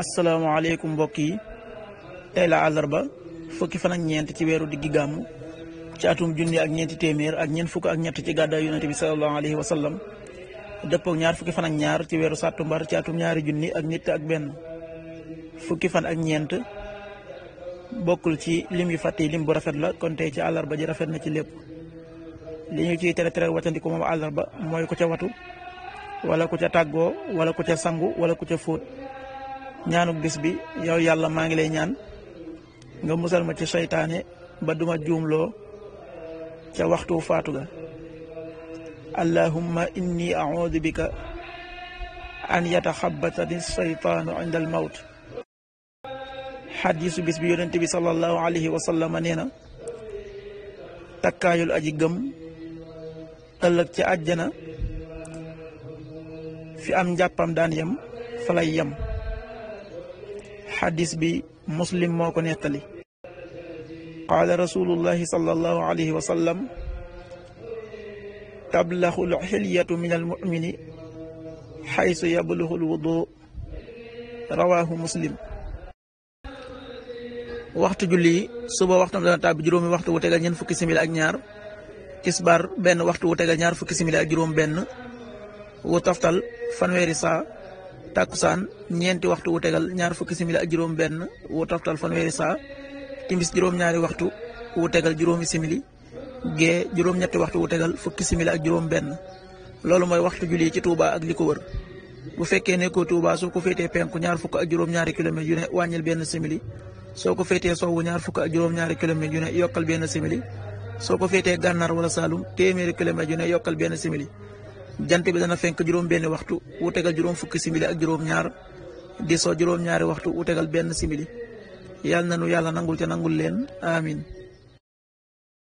asalaamaaleykum mbokk yi tey la àllarba fukki fan ak ñeent ci weeru diggi gàmmu ci atum junni ak ñeenti téeméer ak ñeent fukk ak ñett ci gàddaay yonente bi salallahu alayhi wa sallam dëppook ñaar fukki fan ak ñaar ci weeru sàttumbar ci atum ñaari junni ak nit ak benn fukki fan ak ñeent bokkul ci lim yu fàtte yi lim bu rafet la kon tey ci àllarba ji rafet na ci lépp li ñu ciy tere tere watandiku moom àllarba mooy ko ca watu wala ku ca tàggoo wala ku ca sangu wala ku ca fóot ñaanu bis bi yow yàlla maa ngi lay ñaan nga musal ma ci seytaane ba duma juumloo ca waxtu faatu ga allahumma inni audu bika an yataxabatani seytaanu inda al mawt xadiisu bis bi yonent bi sallallahu alayhi wa sallam na takkaayul aji gëm ëllëg ca àjjana fi am njàppam daan yem fa lay yem xadis bi muslim moo ko nettali qaala rasulullahi sallallahu alayhi wa sallam tablaxu lxilyatu min almumini xaysu yabluxu lwudu rawaahu muslim waxtu julli suba waxtam dana tàbbi juróomi waxtu wu tegal ñeent fukki simili ak ñaar tisbaar benn waxtu wu tegal ñaar fukki simili ak juróom benn wu toftal fanweeri saa takkusaan ñeenti waxtu wu tegal ñaar fukki simili ak juróom-benn wu toftal fanweeri saa timis juróom-ñaari waxtu wu tegal juróomi simili gee juróom-ñetti waxtu wu tegal fukki simili ak juróom-benn loolu mooy waxtu julli ci Touba ak li ko wër. bu fekkee nekkoo Touba soo ko féetee penku ñaar fukk ak juróom-ñaari kilomètres yu ne wàññil benn simili soo ko féetee sowwu ñaar fukk ak juróom-ñaari kilomètres yu ne yokkal benn simili soo ko féetee gànnaar wala Saalum téeméeri kilomètres yu ne yokkal benn simili. jant bi dana fenk juróom-benni waxtu wu tegal juróom fukki simili ak juróom-ñaar di soo juróom-ñaari waxtu wu tegal benn simili yàlla na nu yàlla nangul te nangul leen amin